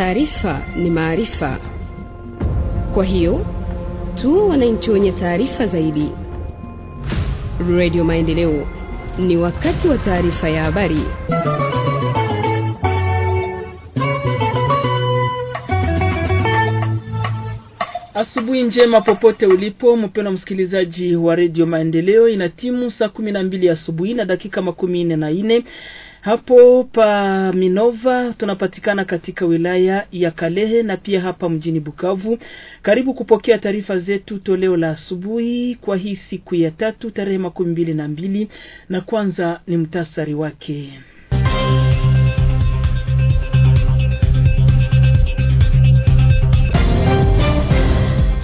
taarifa ni maarifa. Kwa hiyo tu wananchi wenye taarifa zaidi. Radio Maendeleo, ni wakati wa taarifa ya habari. Asubuhi njema popote ulipo mpendwa msikilizaji wa redio Maendeleo, ina timu saa kumi na mbili asubuhi na dakika makumi nne na nne hapo pa Minova tunapatikana katika wilaya ya Kalehe na pia hapa mjini Bukavu. Karibu kupokea taarifa zetu toleo la asubuhi kwa hii siku ya tatu tarehe makumi mbili na mbili na kwanza ni mtasari wake.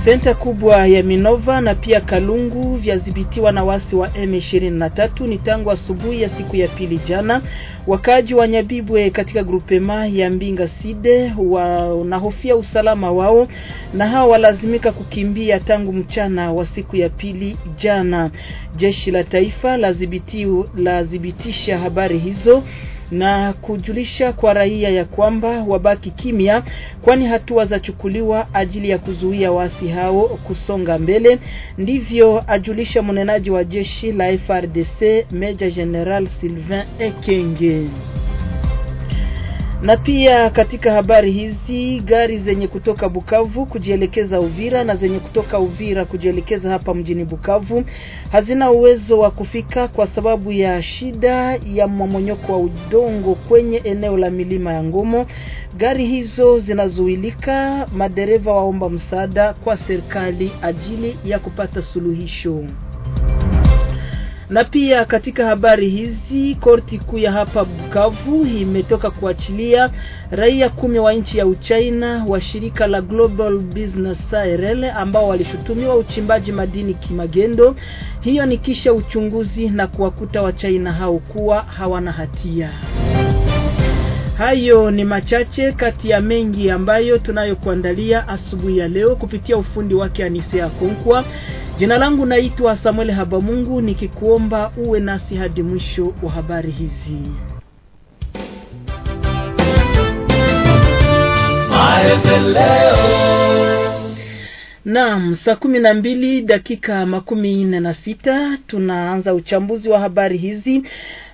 Senta kubwa ya Minova na pia Kalungu vyadhibitiwa na wasi wa M23 ni tangu asubuhi ya siku ya pili jana. Wakaaji wa Nyabibwe katika grupema ya Mbinga Side wanahofia usalama wao na hao walazimika kukimbia tangu mchana wa siku ya pili jana. Jeshi la taifa lazibitisha habari hizo na kujulisha kwa raia ya kwamba wabaki kimya, kwani hatua za chukuliwa ajili ya kuzuia waasi hao kusonga mbele. Ndivyo ajulisha mnenaji wa jeshi la frdc Meja General Sylvain Ekenge. Na pia katika habari hizi gari zenye kutoka Bukavu kujielekeza Uvira na zenye kutoka Uvira kujielekeza hapa mjini Bukavu hazina uwezo wa kufika kwa sababu ya shida ya mmomonyoko wa udongo kwenye eneo la milima ya Ngomo. Gari hizo zinazuilika, madereva waomba msaada kwa serikali ajili ya kupata suluhisho. Na pia katika habari hizi, korti kuu ya hapa Bukavu imetoka kuachilia raia kumi wa nchi ya Uchina wa shirika la Global Business ARL ambao walishutumiwa uchimbaji madini kimagendo. Hiyo ni kisha uchunguzi na kuwakuta Wachina hao kuwa hawana hatia. Hayo ni machache kati ya mengi ambayo tunayokuandalia asubuhi ya leo kupitia ufundi wake Anisea Konkwa. Jina langu naitwa Samuel Habamungu nikikuomba uwe nasi hadi mwisho wa habari hizi. Naam, saa kumi na mbili dakika makumi nne na sita tunaanza uchambuzi wa habari hizi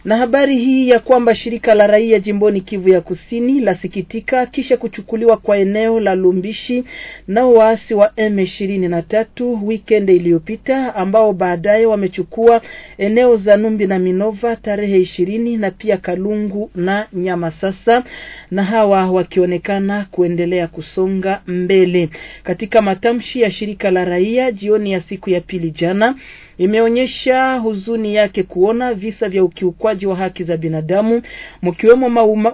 na habari hii ya kwamba shirika la raia jimboni Kivu ya Kusini lasikitika kisha kuchukuliwa kwa eneo la Lumbishi na waasi wa M23 weekend iliyopita, ambao baadaye wamechukua eneo za Numbi na Minova tarehe ishirini na pia Kalungu na nyama sasa na hawa wakionekana kuendelea kusonga mbele. Katika matamshi ya shirika la raia jioni ya siku ya pili jana imeonyesha huzuni yake kuona visa vya ukiukwaji wa haki za binadamu mkiwemo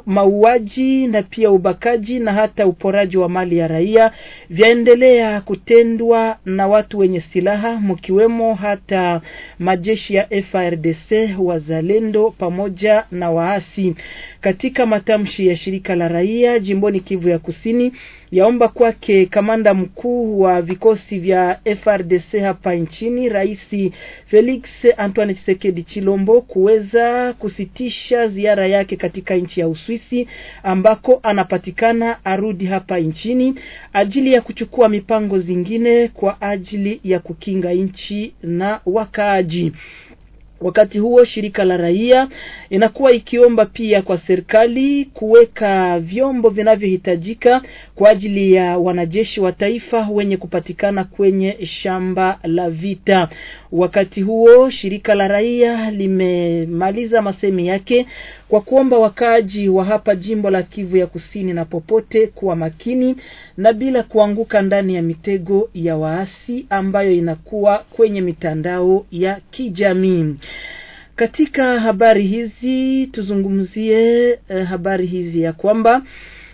mauaji na pia ubakaji na hata uporaji wa mali ya raia vyaendelea kutendwa na watu wenye silaha mkiwemo hata majeshi ya frdc wazalendo pamoja na waasi. Katika matamshi ya shirika la raia jimboni Kivu ya Kusini yaomba kwake kamanda mkuu wa vikosi vya FRDC hapa nchini Rais Felix Antoine Tshisekedi Chilombo kuweza kusitisha ziara yake katika nchi ya Uswisi ambako anapatikana arudi hapa nchini ajili ya kuchukua mipango zingine kwa ajili ya kukinga nchi na wakaaji. Wakati huo shirika la raia inakuwa ikiomba pia kwa serikali kuweka vyombo vinavyohitajika kwa ajili ya wanajeshi wa taifa wenye kupatikana kwenye shamba la vita. Wakati huo shirika la raia limemaliza masemi yake kwa kuomba wakaaji wa hapa jimbo la Kivu ya Kusini na popote kuwa makini na bila kuanguka ndani ya mitego ya waasi ambayo inakuwa kwenye mitandao ya kijamii. Katika habari hizi tuzungumzie eh, habari hizi ya kwamba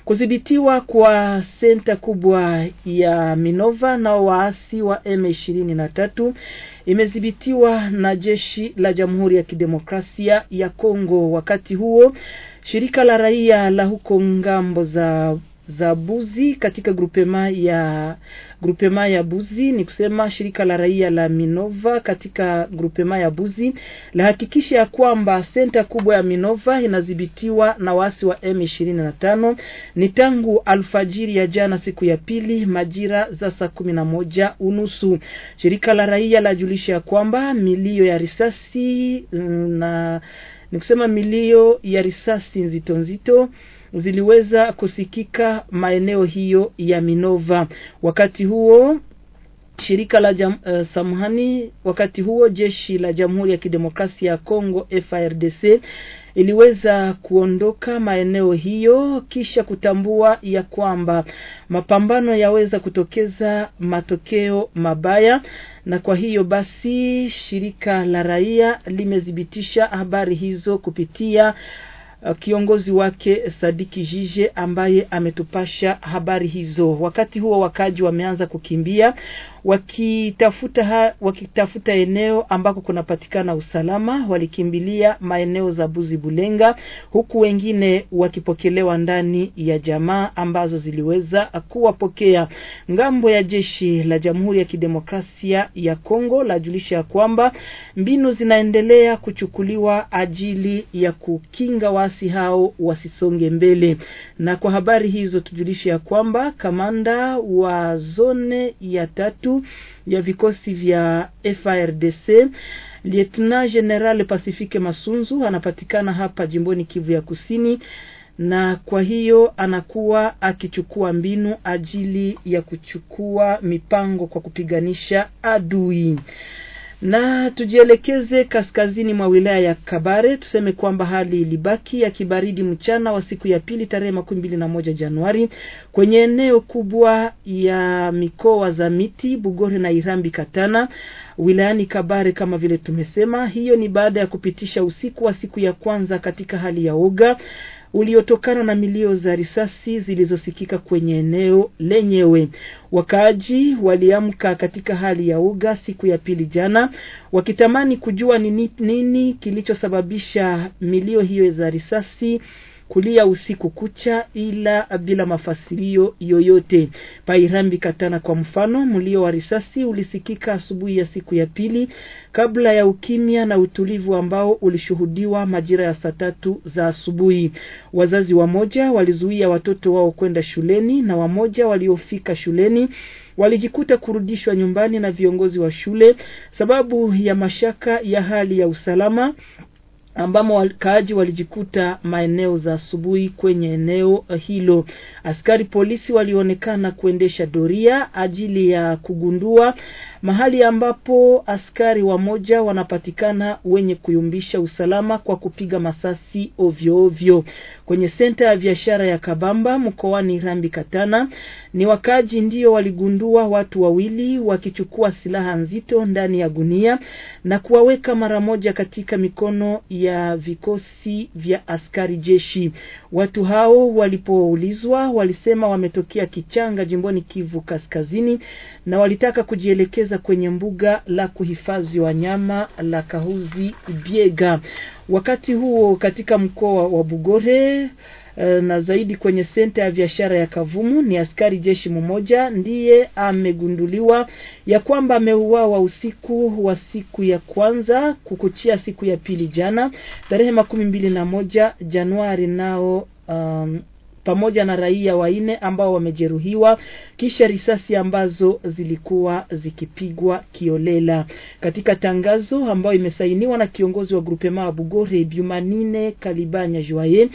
Kudhibitiwa kwa senta kubwa ya Minova na waasi wa M23 imedhibitiwa na jeshi la Jamhuri ya Kidemokrasia ya Kongo. Wakati huo shirika la raia la huko ngambo za za Buzi katika grupema ya grupema ya Buzi, ni kusema shirika la raia la Minova katika grupema ya Buzi lahakikisha ya kwamba senta kubwa ya Minova inadhibitiwa na waasi wa M25. Ni tangu alfajiri ya jana siku ya pili majira za saa kumi na moja unusu. Shirika la raia lajulisha ya kwamba milio ya risasi mm, na ni kusema milio ya risasi nzito nzito ziliweza kusikika maeneo hiyo ya Minova. Wakati huo shirika la jam, uh, eh, samhani wakati huo jeshi la Jamhuri ya Kidemokrasia ya Kongo frdc iliweza kuondoka maeneo hiyo kisha kutambua ya kwamba mapambano yaweza kutokeza matokeo mabaya na kwa hiyo basi shirika la raia limethibitisha habari hizo kupitia uh, kiongozi wake Sadiki Jije ambaye ametupasha habari hizo. Wakati huo wakaji wameanza kukimbia, wakitafuta, wakitafuta eneo ambako kunapatikana usalama. Walikimbilia maeneo za Buzi Bulenga, huku wengine wakipokelewa ndani ya jamaa ambazo ziliweza kuwapokea. Ngambo ya jeshi la Jamhuri ya Kidemokrasia ya Kongo lajulisha kwamba mbinu zinaendelea kuchukuliwa ajili ya kukinga waasi hao wasisonge mbele. Na kwa habari hizo tujulishe ya kwamba kamanda wa zone ya tatu juu ya vikosi vya frdc Lieutenant General Pacifique Masunzu anapatikana hapa jimboni Kivu ya Kusini na kwa hiyo anakuwa akichukua mbinu ajili ya kuchukua mipango kwa kupiganisha adui. Na tujielekeze kaskazini mwa wilaya ya Kabare, tuseme kwamba hali ilibaki ya kibaridi mchana wa siku ya pili tarehe makumi mbili na moja Januari kwenye eneo kubwa ya mikoa za Miti, Bugore na Irambi Katana wilayani Kabare kama vile tumesema. Hiyo ni baada ya kupitisha usiku wa siku ya kwanza katika hali ya uga uliotokana na milio za risasi zilizosikika kwenye eneo lenyewe. Wakaaji waliamka katika hali ya uga siku ya pili jana, wakitamani kujua ni nini kilichosababisha milio hiyo za risasi kulia usiku kucha, ila bila mafasilio yoyote. Pairambi Katana, kwa mfano, mlio wa risasi ulisikika asubuhi ya siku ya pili kabla ya ukimya na utulivu ambao ulishuhudiwa majira ya saa tatu za asubuhi. Wazazi wamoja walizuia watoto wao kwenda shuleni na wamoja waliofika shuleni walijikuta kurudishwa nyumbani na viongozi wa shule sababu ya mashaka ya hali ya usalama ambamo wakaaji walijikuta maeneo za asubuhi kwenye eneo hilo. Askari polisi walionekana kuendesha doria ajili ya kugundua mahali ambapo askari wamoja wanapatikana wenye kuyumbisha usalama kwa kupiga masasi ovyo ovyo kwenye senta ya biashara ya Kabamba mkoani Rambi Katana. Ni wakaaji ndio waligundua watu wawili wakichukua silaha nzito ndani ya gunia na kuwaweka mara moja katika mikono ya ya vikosi vya askari jeshi. Watu hao walipoulizwa walisema wametokea Kichanga jimboni Kivu Kaskazini na walitaka kujielekeza kwenye mbuga la kuhifadhi wanyama la Kahuzi Biega. Wakati huo katika mkoa wa Bugore Eh, na zaidi kwenye senta ya biashara ya Kavumu. Ni askari jeshi mmoja ndiye amegunduliwa ya kwamba ameuawa usiku wa siku ya kwanza kukuchia siku ya pili jana tarehe makumi mbili na moja Januari nao um, pamoja na raia waine ambao wamejeruhiwa kisha risasi ambazo zilikuwa zikipigwa kiolela. Katika tangazo ambayo imesainiwa na kiongozi wa Grupema Bugore Biumanine Kalibanya juaye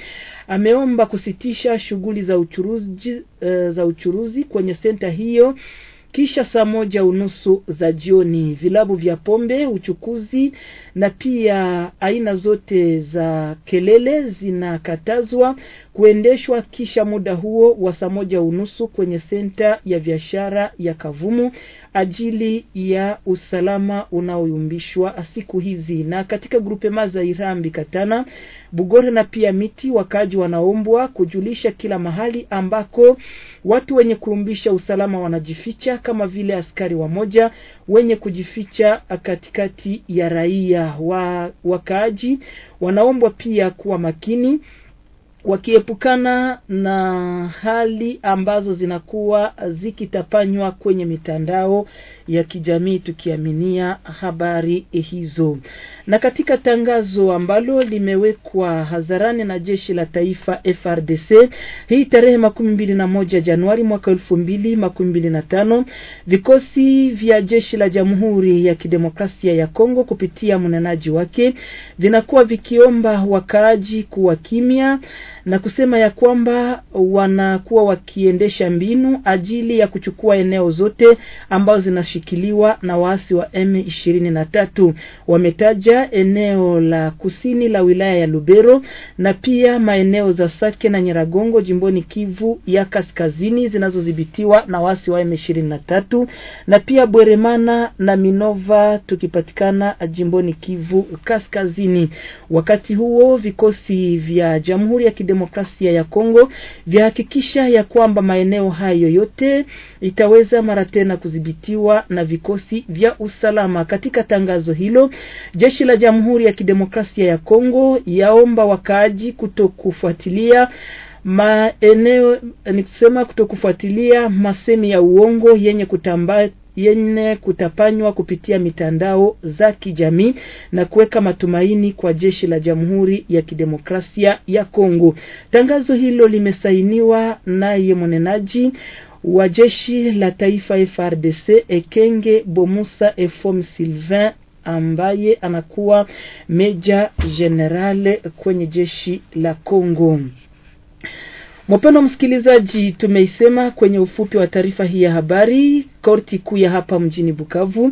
ameomba kusitisha shughuli za uchuruzi, uh, za uchuruzi kwenye senta hiyo kisha saa moja unusu za jioni, vilabu vya pombe, uchukuzi na pia aina zote za kelele zinakatazwa kuendeshwa kisha muda huo wa saa moja unusu kwenye senta ya biashara ya Kavumu ajili ya usalama unaoyumbishwa siku hizi. Na katika grupe za Irambi, Katana, Bugore na pia Miti, wakaaji wanaombwa kujulisha kila mahali ambako Watu wenye kurumbisha usalama wanajificha kama vile askari wamoja wenye kujificha katikati ya raia wa wakaaji wanaombwa pia kuwa makini wakiepukana na hali ambazo zinakuwa zikitapanywa kwenye mitandao ya kijamii tukiaminia habari hizo. Na katika tangazo ambalo limewekwa hadharani na jeshi la taifa FRDC hii tarehe makumi mbili na moja Januari mwaka elfu mbili makumi mbili na tano vikosi vya jeshi la Jamhuri ya Kidemokrasia ya Kongo kupitia mnenaji wake vinakuwa vikiomba wakaaji kuwa kimya na kusema ya kwamba wanakuwa wakiendesha mbinu ajili ya kuchukua eneo zote ambazo zinashikiliwa na waasi wa M23. Wametaja eneo la kusini la wilaya ya Lubero na pia maeneo za Sake na Nyiragongo jimboni Kivu ya kaskazini zinazodhibitiwa na waasi wa M23 na pia Bweremana na Minova tukipatikana jimboni Kivu kaskazini. Wakati huo vikosi vya Jamhuri ya Kidemokrasia Kidemokrasia ya Kongo vyahakikisha ya kwamba maeneo hayo yote itaweza mara tena kudhibitiwa na vikosi vya usalama. Katika tangazo hilo, jeshi la Jamhuri ya Kidemokrasia ya Kongo yaomba wakaaji kutokufuatilia maeneo ni kusema kutokufuatilia masemi ya uongo yenye kutambaa yenye kutapanywa kupitia mitandao za kijamii na kuweka matumaini kwa jeshi la Jamhuri ya Kidemokrasia ya Kongo. Tangazo hilo limesainiwa naye mnenaji wa jeshi la taifa FRDC Ekenge Bomusa Efom Sylvain ambaye anakuwa meja general kwenye jeshi la Kongo. Mpendwa msikilizaji, tumeisema kwenye ufupi wa taarifa hii ya habari. Korti kuu ya hapa mjini Bukavu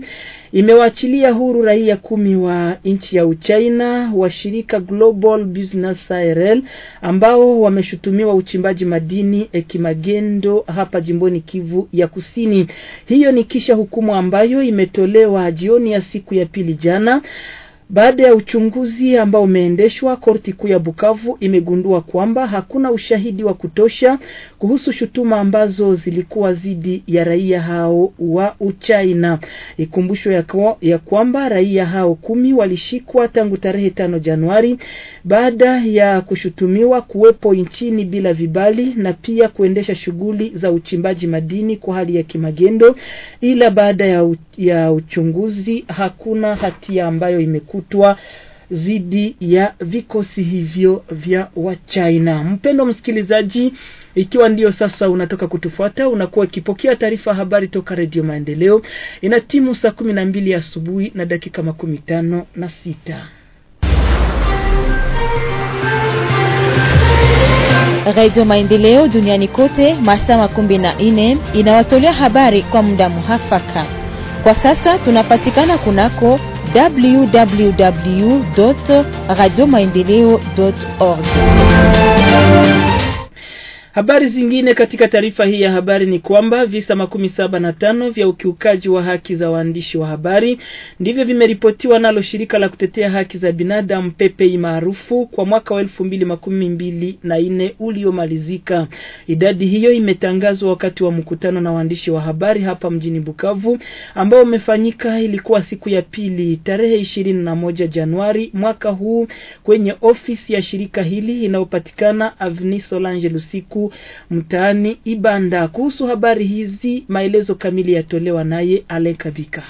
imewaachilia huru raia kumi wa nchi ya Uchina wa shirika Global Business IRL ambao wameshutumiwa uchimbaji madini ekimagendo hapa jimboni Kivu ya Kusini. Hiyo ni kisha hukumu ambayo imetolewa jioni ya siku ya pili jana. Baada ya uchunguzi ambao umeendeshwa, korti kuu ya Bukavu imegundua kwamba hakuna ushahidi wa kutosha kuhusu shutuma ambazo zilikuwa dhidi ya raia hao wa Uchina. Ikumbusho ya, kwa, ya kwamba raia hao kumi walishikwa tangu tarehe tano Januari baada ya kushutumiwa kuwepo nchini bila vibali na pia kuendesha shughuli za uchimbaji madini kwa hali ya kimagendo, ila baada ya, ya uchunguzi hakuna hatia ambayo imekuwa kutwa dhidi ya vikosi hivyo vya Wachina. Mpendo msikilizaji, ikiwa ndio sasa unatoka kutufuata, unakuwa ukipokea taarifa habari toka Redio Maendeleo. Ina timu saa kumi na mbili asubuhi na dakika makumi tano na sita. Radio Maendeleo duniani kote masaa makumi na nne inawatolea habari kwa muda muhafaka. Kwa sasa tunapatikana kunako www radio maendeleo org. Habari zingine katika taarifa hii ya habari ni kwamba visa makumi saba na tano vya ukiukaji wa haki za waandishi wa habari ndivyo vimeripotiwa nalo shirika la kutetea haki za binadamu PPI maarufu kwa mwaka wa elfu mbili makumi mbili na nne uliomalizika. Idadi hiyo imetangazwa wakati wa mkutano na waandishi wa habari hapa mjini Bukavu ambao umefanyika, ilikuwa siku ya pili tarehe ishirini na moja Januari mwaka huu kwenye ofisi ya shirika hili inayopatikana Avenue Solange Lusiku mtaani Ibanda. Kuhusu habari hizi, maelezo kamili yatolewa naye Alen kabika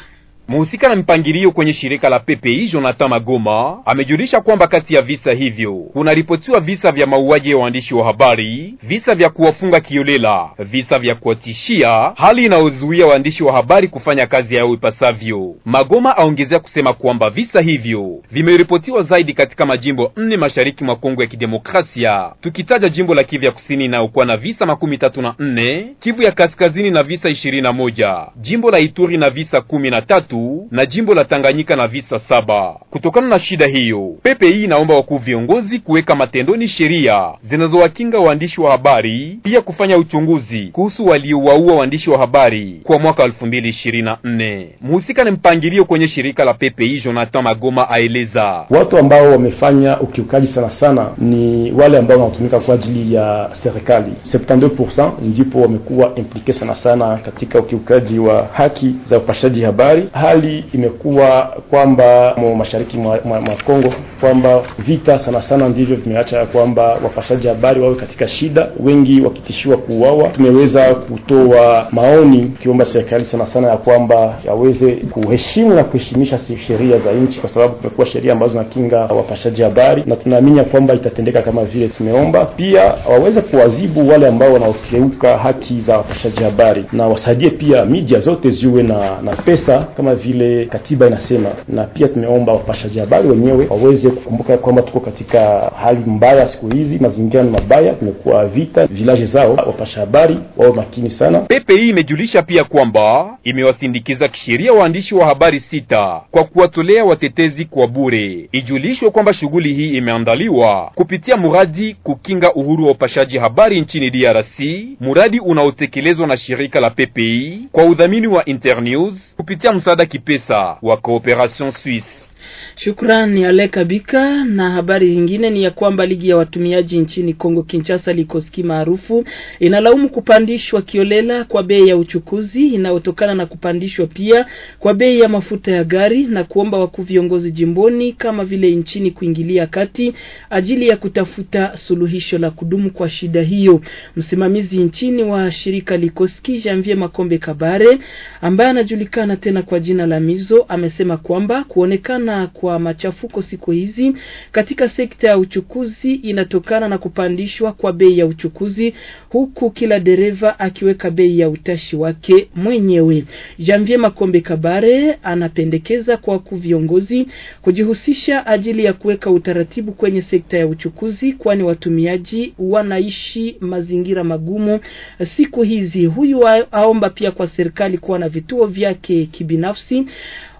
Muhusika na mipangilio kwenye shirika la PPI Jonathan Magoma amejulisha kwamba kati ya visa hivyo kunaripotiwa visa vya mauaji ya waandishi wa habari, visa vya kuwafunga kiolela, visa vya kuwatishia, hali inayozuia waandishi wa habari kufanya kazi yao ipasavyo. Magoma aongezea kusema kwamba visa hivyo vimeripotiwa zaidi katika majimbo nne mashariki mwa Kongo ya Kidemokrasia, tukitaja jimbo la Kivu ya Kusini inayokuwa na visa makumi tatu na nne, Kivu ya Kaskazini na visa ishirini na moja, jimbo la Ituri na visa kumi na tatu tatu na jimbo la Tanganyika na visa saba. Kutokana na shida hiyo, PPI inaomba wakuu viongozi kuweka matendoni sheria zinazowakinga waandishi wa habari, pia kufanya uchunguzi kuhusu waliowaua waandishi wa habari kwa mwaka 2024. Mhusika ni mpangilio kwenye shirika la PPI Jonathan Magoma aeleza. Watu ambao wamefanya ukiukaji sana sana ni wale ambao wanatumika kwa ajili ya serikali. 72% ndipo wamekuwa implike sana sana katika ukiukaji wa haki za upashaji habari hali imekuwa kwamba mashariki mwa, Kongo kwamba vita sana sana ndivyo vimeacha kwamba wapashaji habari wawe katika shida, wengi wakitishiwa kuuawa. Tumeweza kutoa maoni kiomba serikali sana sana ya kwamba yaweze kuheshimu na kuheshimisha sheria za nchi, kwa sababu kumekuwa sheria ambazo zinakinga wapashaji habari, na tunaamini kwamba itatendeka kama vile tumeomba. Pia waweze kuwazibu wale ambao wanaokeuka haki za wapashaji habari, na wasaidie pia media zote ziwe na, na pesa kama vile katiba inasema, na pia tumeomba wapashaji habari wenyewe waweze kukumbuka kwamba tuko katika hali mbaya siku hizi, mazingira ni mabaya, kumekuwa vita vilaje zao, wapasha habari wawe makini sana. PPI imejulisha pia kwamba imewasindikiza kisheria waandishi wa habari sita kwa kuwatolea watetezi kwa bure. Ijulishwe kwamba shughuli hii imeandaliwa kupitia muradi kukinga uhuru wa upashaji habari nchini DRC, muradi unaotekelezwa na shirika la PPI kwa udhamini wa Internews kupitia msaada ça, ou à coopération Suisse. Shukrani Aleka Bika. Na habari nyingine ni ya kwamba ligi ya watumiaji nchini Kongo Kinshasa Likoski maarufu inalaumu kupandishwa kiolela kwa bei ya uchukuzi inayotokana na kupandishwa pia kwa bei ya mafuta ya gari na kuomba wakuu viongozi jimboni kama vile nchini kuingilia kati ajili ya kutafuta suluhisho la kudumu kwa shida hiyo. Msimamizi nchini wa shirika Likoski Janvier Makombe Kabare ambaye anajulikana tena kwa jina la Mizo amesema kwamba kuonekana kwa machafuko siku hizi katika sekta ya uchukuzi inatokana na kupandishwa kwa bei ya uchukuzi, huku kila dereva akiweka bei ya utashi wake mwenyewe. Janvier Makombe Kabare anapendekeza kwa viongozi kujihusisha ajili ya kuweka utaratibu kwenye sekta ya uchukuzi, kwani watumiaji wanaishi mazingira magumu siku hizi. Huyu aomba pia kwa serikali kuwa na vituo vyake kibinafsi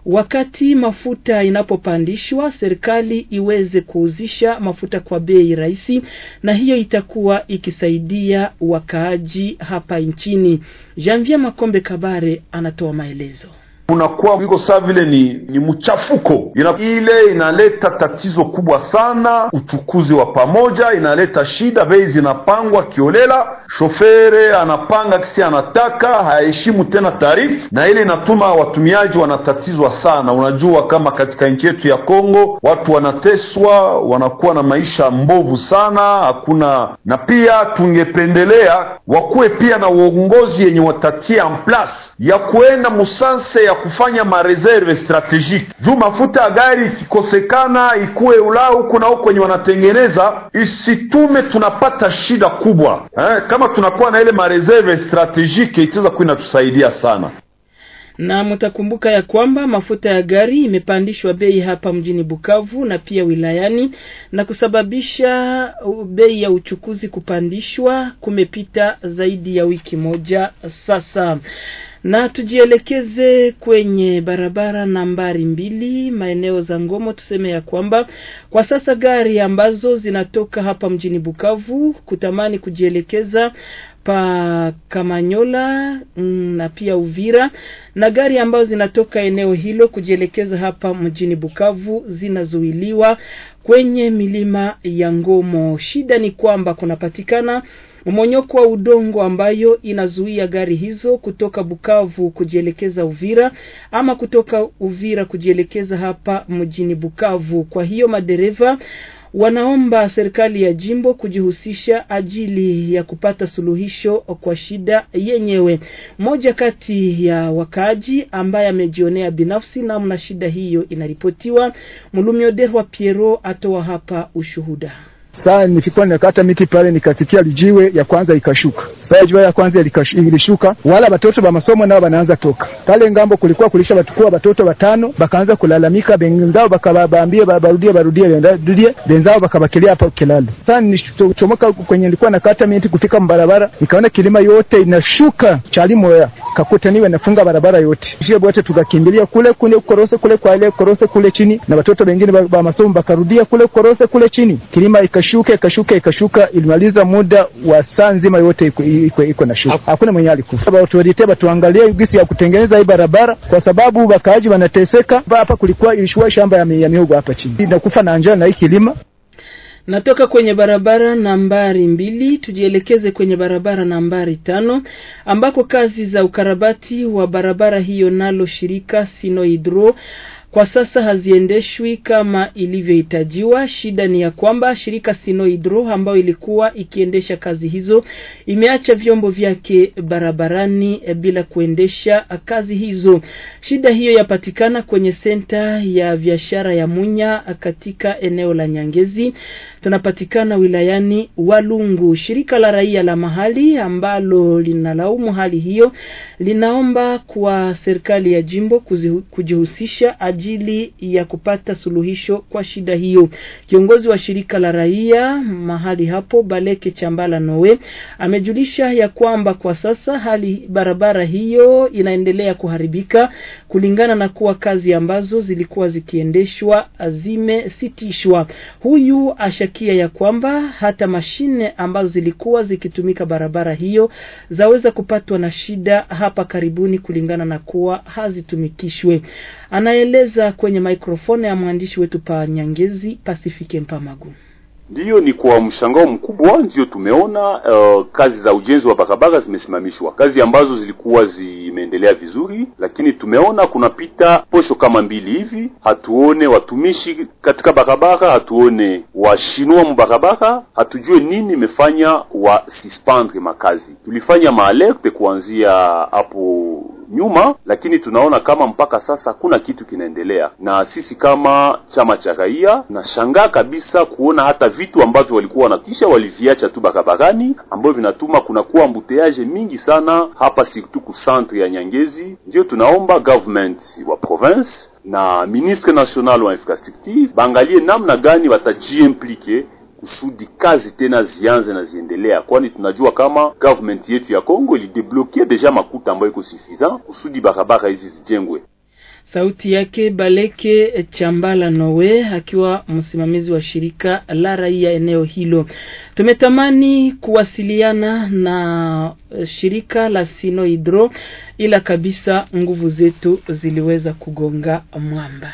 wakati mafuta inapopandishwa, serikali iweze kuuzisha mafuta kwa bei rahisi, na hiyo itakuwa ikisaidia wakaaji hapa nchini. Janvier Makombe Kabare anatoa maelezo unakuwa iko saa vile ni, ni mchafuko ina, ile inaleta tatizo kubwa sana, uchukuzi wa pamoja inaleta shida, bei zinapangwa kiolela, shofere anapanga kisi anataka, hayaheshimu tena taarifa, na ile inatuma watumiaji wanatatizwa sana. Unajua kama katika nchi yetu ya Kongo watu wanateswa, wanakuwa na maisha mbovu sana, hakuna na pia tungependelea wakuwe pia na uongozi yenye watatia en place ya kuenda musanse ya kufanya mareserve strategique juu mafuta ya gari ikikosekana ikuwe Ulaya huku na huku wenye wanatengeneza, isitume tunapata shida kubwa eh. Kama tunakuwa na ile mareserve strategique itaweza kuwa inatusaidia sana na mtakumbuka ya kwamba mafuta ya gari imepandishwa bei hapa mjini Bukavu na pia wilayani na kusababisha bei ya uchukuzi kupandishwa kumepita zaidi ya wiki moja sasa na tujielekeze kwenye barabara nambari mbili maeneo za Ngomo. Tuseme ya kwamba kwa sasa gari ambazo zinatoka hapa mjini Bukavu kutamani kujielekeza pa Kamanyola mm, na pia Uvira na gari ambazo zinatoka eneo hilo kujielekeza hapa mjini Bukavu zinazuiliwa kwenye milima ya Ngomo. Shida ni kwamba kunapatikana Mmonyoko wa udongo ambayo inazuia gari hizo kutoka Bukavu kujielekeza Uvira ama kutoka Uvira kujielekeza hapa mjini Bukavu. Kwa hiyo madereva wanaomba serikali ya jimbo kujihusisha ajili ya kupata suluhisho kwa shida yenyewe. Moja kati ya wakaaji ambaye amejionea binafsi namna shida hiyo inaripotiwa, Mulumioderwa Piero atoa hapa ushuhuda. Saa nilikuwa nimekata miti pale, nikasikia lijiwe ya kwanza ikashuka. Saa jiwe ya kwanza ilishuka, wala batoto ba masomo nao banaanza toka pale ngambo. Kulikuwa kulisha batukuwa batoto batano, bakaanza kulalamika, benzao bakabaambia barudie, barudie, barudie, benzao bakabakelea hapo kilalo. Saa nilichomoka kwenye nilikuwa nakata miti kufika mbarabara, nikaona kilima yote inashuka chalimo kakuta niwe nafunga barabara yote, sio bote, tukakimbilia kule kule korose kule kwa ile korose kule chini, na watoto wengine ba masomo bakarudia kule korose kule chini, kilima ikashuka kushuka ikashuka ikashuka, ilimaliza muda wa saa nzima yote iko na shuka, hakuna mwenye alikufa. Autorite batuangalie gisi ya kutengeneza hii barabara, kwa sababu wakaaji wanateseka hapa. Kulikuwa ilishua shamba ya miogo hapa chini, inakufa na njaa na hii kilima Natoka kwenye barabara nambari mbili tujielekeze kwenye barabara nambari tano ambako kazi za ukarabati wa barabara hiyo nalo shirika Sinohydro kwa sasa haziendeshwi kama ilivyohitajiwa. Shida ni ya kwamba shirika Sinohydro ambayo ilikuwa ikiendesha kazi hizo imeacha vyombo vyake barabarani eh, bila kuendesha kazi hizo. Shida hiyo yapatikana kwenye senta ya biashara ya Munya katika eneo la Nyangezi tunapatikana wilayani Walungu. Shirika la raia la mahali ambalo linalaumu hali hiyo linaomba kwa serikali ya jimbo kujihusisha ajili ya kupata suluhisho kwa shida hiyo. Kiongozi wa shirika la raia mahali hapo Baleke Chambala Noe amejulisha ya kwamba kwa sasa hali barabara hiyo inaendelea kuharibika kulingana na kuwa kazi ambazo zilikuwa zikiendeshwa zimesitishwa. Huyu ashaki kusikia ya kwamba hata mashine ambazo zilikuwa zikitumika barabara hiyo zaweza kupatwa na shida hapa karibuni, kulingana na kuwa hazitumikishwe. Anaeleza kwenye mikrofoni ya mwandishi wetu pa Nyangezi Pasifike Mpamagu. Ndiyo, ni kwa mshangao mkubwa ndiyo tumeona uh, kazi za ujenzi wa barabara zimesimamishwa, kazi ambazo zilikuwa zimeendelea vizuri, lakini tumeona kunapita posho kama mbili hivi, hatuone watumishi katika barabara, hatuone washinua mubarabara, hatujue nini imefanya wa suspendre makazi. Tulifanya maalerte kuanzia hapo nyuma, lakini tunaona kama mpaka sasa kuna kitu kinaendelea, na sisi kama chama cha raia nashangaa kabisa kuona hata vitu ambavyo walikuwa wanakisha waliviacha tu barabarani, ambayo vinatuma kunakuwa mbuteaje mingi sana hapa sirtu ku centre ya Nyangezi. Ndiyo tunaomba government wa province na ministre national wa infrastructure baangalie namna gani watajiimplike kusudi kazi tena zianze na ziendelea, kwani tunajua kama government yetu ya Kongo ilideblokia deja makuta ambayo iko suffisan kusudi barabara hizi zijengwe. Sauti yake Baleke Chambala Nowe akiwa msimamizi wa shirika la raia eneo hilo. Tumetamani kuwasiliana na eh, shirika la Sinohydro ila kabisa nguvu zetu ziliweza kugonga mwamba.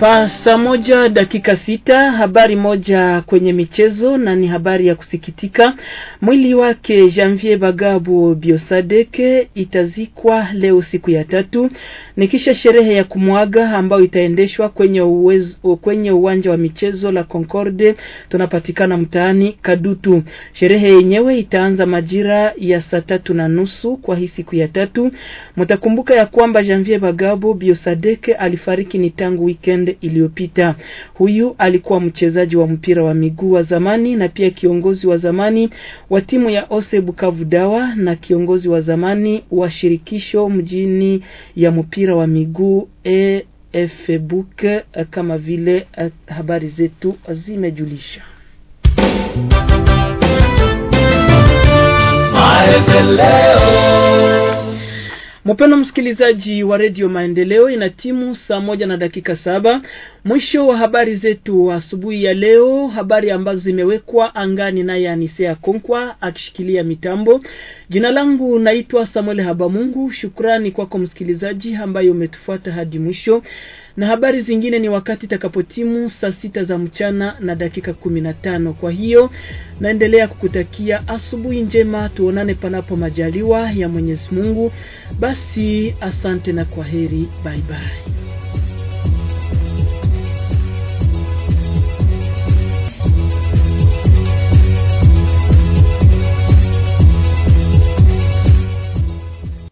Pa saa moja dakika sita. Habari moja kwenye michezo na ni habari ya kusikitika. Mwili wake Janvier Bagabo Biosadeke itazikwa leo siku ya tatu, ni kisha sherehe ya kumwaga ambayo itaendeshwa kwenye uwezo, kwenye uwanja wa michezo la Concorde, tunapatikana mtaani Kadutu. Sherehe yenyewe itaanza majira ya saa tatu na nusu kwa hii siku ya tatu. Mtakumbuka ya kwamba Janvier Bagabo Biosadeke alifariki ni tangu weekend Monde iliyopita. Huyu alikuwa mchezaji wa mpira wa miguu wa zamani na pia kiongozi wa zamani wa timu ya Ose Bukavu Dawa na kiongozi wa zamani wa shirikisho mjini ya mpira wa miguu e Facebook kama vile habari zetu zimejulisha. Mpendwa msikilizaji wa redio Maendeleo, ina timu saa moja na dakika saba mwisho wa habari zetu asubuhi ya leo, habari ambazo zimewekwa angani naye Anisea Konkwa akishikilia mitambo. Jina langu naitwa Samuel Habamungu. Shukrani kwako msikilizaji ambaye umetufuata hadi mwisho na habari zingine ni wakati itakapotimu saa sita za mchana na dakika kumi na tano. Kwa hiyo naendelea kukutakia asubuhi njema, tuonane panapo majaliwa ya Mwenyezi Mungu. Basi asante na kwaheri, bye bye.